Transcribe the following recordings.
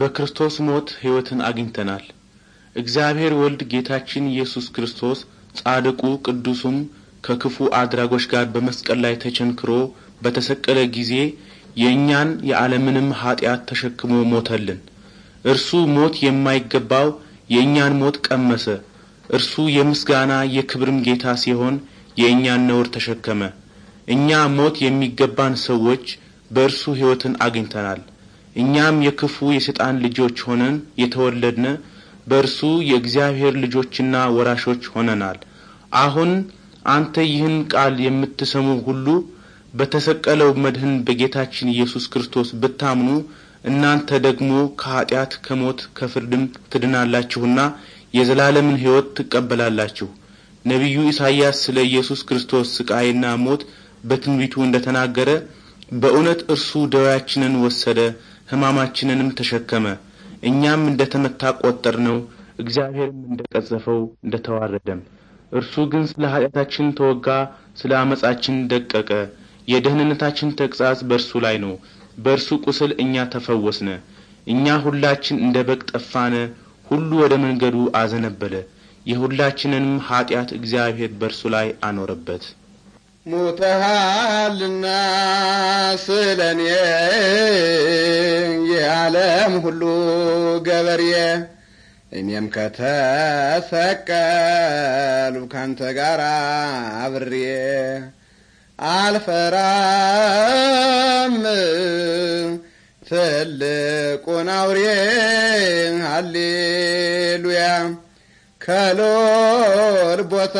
በክርስቶስ ሞት ሕይወትን አግኝተናል። እግዚአብሔር ወልድ ጌታችን ኢየሱስ ክርስቶስ ጻድቁ ቅዱሱም ከክፉ አድራጎች ጋር በመስቀል ላይ ተቸንክሮ በተሰቀለ ጊዜ የእኛን የዓለምንም ኃጢአት ተሸክሞ ሞተልን። እርሱ ሞት የማይገባው የእኛን ሞት ቀመሰ። እርሱ የምስጋና የክብርም ጌታ ሲሆን የእኛን ነውር ተሸከመ። እኛ ሞት የሚገባን ሰዎች በእርሱ ሕይወትን አግኝተናል። እኛም የክፉ የሰይጣን ልጆች ሆነን የተወለድነ በእርሱ የእግዚአብሔር ልጆችና ወራሾች ሆነናል። አሁን አንተ ይህን ቃል የምትሰሙ ሁሉ በተሰቀለው መድህን በጌታችን ኢየሱስ ክርስቶስ ብታምኑ እናንተ ደግሞ ከኃጢአት ከሞት ከፍርድም ትድናላችሁና የዘላለምን ሕይወት ትቀበላላችሁ። ነቢዩ ኢሳይያስ ስለ ኢየሱስ ክርስቶስ ስቃይና ሞት በትንቢቱ እንደ ተናገረ በእውነት እርሱ ደዌያችንን ወሰደ ሕማማችንንም ተሸከመ፣ እኛም እንደ ተመታ ቆጠር ነው፣ እግዚአብሔርም እንደ ቀዘፈው እንደ ተዋረደም። እርሱ ግን ስለ ኃጢአታችን ተወጋ፣ ስለ ዓመፃችን ደቀቀ። የደህንነታችን ተግሣጽ በእርሱ ላይ ነው፣ በእርሱ ቁስል እኛ ተፈወስነ። እኛ ሁላችን እንደ በግ ጠፋነ፣ ሁሉ ወደ መንገዱ አዘነበለ። የሁላችንንም ኀጢአት እግዚአብሔር በእርሱ ላይ አኖረበት። ሞተሃልና ስለኔ የዓለም ሁሉ ገበሬ እኔም ከተሰቀሉ ካንተ ጋር አብሬ አልፈራም ትልቁን አውሬ ሃሌሉያ ከሎል ቦታ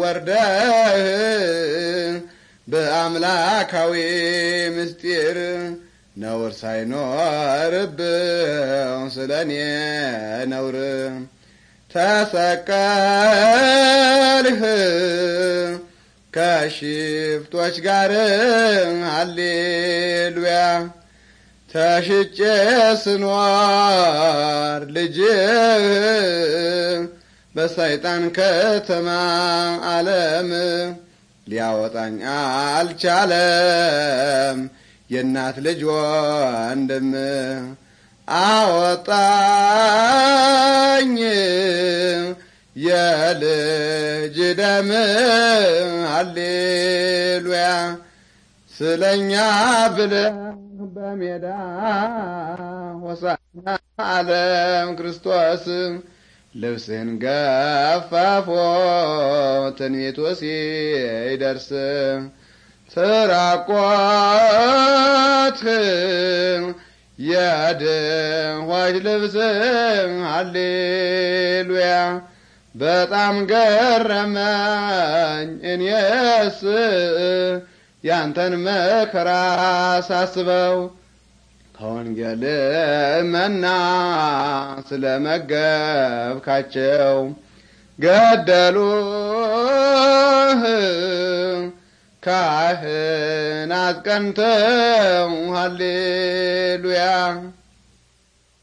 ወርደ አምላካዊ ምስጢር ነውር ሳይኖርብ ስለ ነውር ተሰቀልህ ከሽፍቶች ጋር ሃሌሉያ ተሽጬ ስኖር ልጅህ በሰይጣን ከተማ ዓለም ሊያወጣኝ አልቻለም። የእናት ልጅ ወንድም አወጣኝ የልጅ ደም አሌሉያ ስለኛ ብለ በሜዳ ሆሳና አለም ክርስቶስ ልብስህን ገፋፎ ትንቢቱ ሲደርስ ትራቆትህም የድሆች ልብስ ሃሌሉያ። በጣም ገረመኝ እኔስ ያንተን መከራ ሳስበው ከወንጌል መና ስለ ስለመገብካቸው ገደሉህ። ካህን አስቀንተው ሃሌሉያ